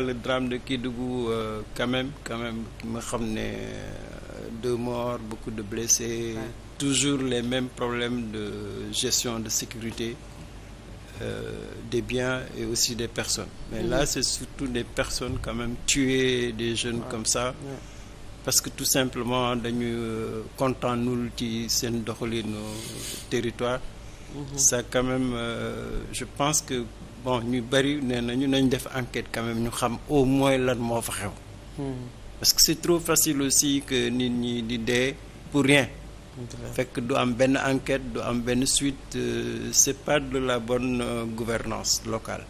le drame de Kédougou euh, quand même quand même ki xam ne deux morts beaucoup de blessés ouais. toujours les mêmes problèmes de gestion de sécurité euh, des biens et aussi des personnes mais mm -hmm. là c'est surtout des personnes quand même tuées des jeunes ouais. comme ça parce que tout simplement dañu euh, kontaan nul ci seen doxalinu territoire mm quand même euh, je pense que bon ñu bëri nee nañu nañ def enquête quand ñu xam au moins lan moo fa xew. Hmm. parce que c'est trop facile aussi que nit ñi di dee pour rien. fekk du am benn enquête du am benn suite euh, c'est pas de la bon euh, gouvernance locale.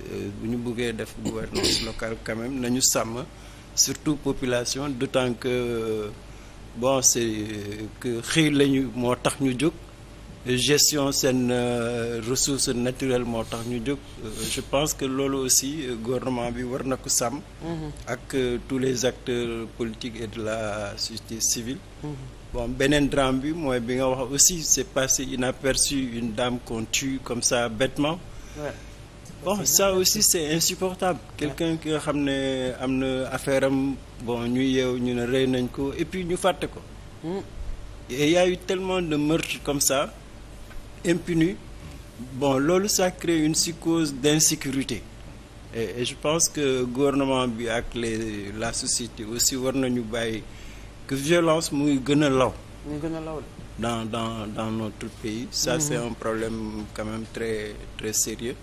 Euh, bu ñu buggee def gouvernance locale quand nañu sàmm surtout population d'autant que bon c'est que xëy lañu moo tax ñu jóg. gestion seen euh, ressource naturelle moo tax ñu jóg euh, je pense que loolu aussi euh, gouvernement bi war na ko sàmm mm-hmm. ak tous les acteurs politiques et de la société civile mm-hmm. bon beneen drame bi mooy bi nga wax aussi c'est passé inaperçu une dame qu'on tue comme ça bêtement ouais. bon ça aussi c'est insupportable quelqu'un ki nga xam ne am na affaire am bon ñu yeew ñu ne rey nañ ko et puis ñu fàtte ko mm. et il tellement de meurtres comme ça impuni bon loolu ça crée une psychose d'insécurité et, et je pense que gouvernement bi ak les la société aussi war nañu bàyyi que violence muy gën a law muy gën a law dans dans dans notre pays ça mm c'est un problème quand même très très sérieux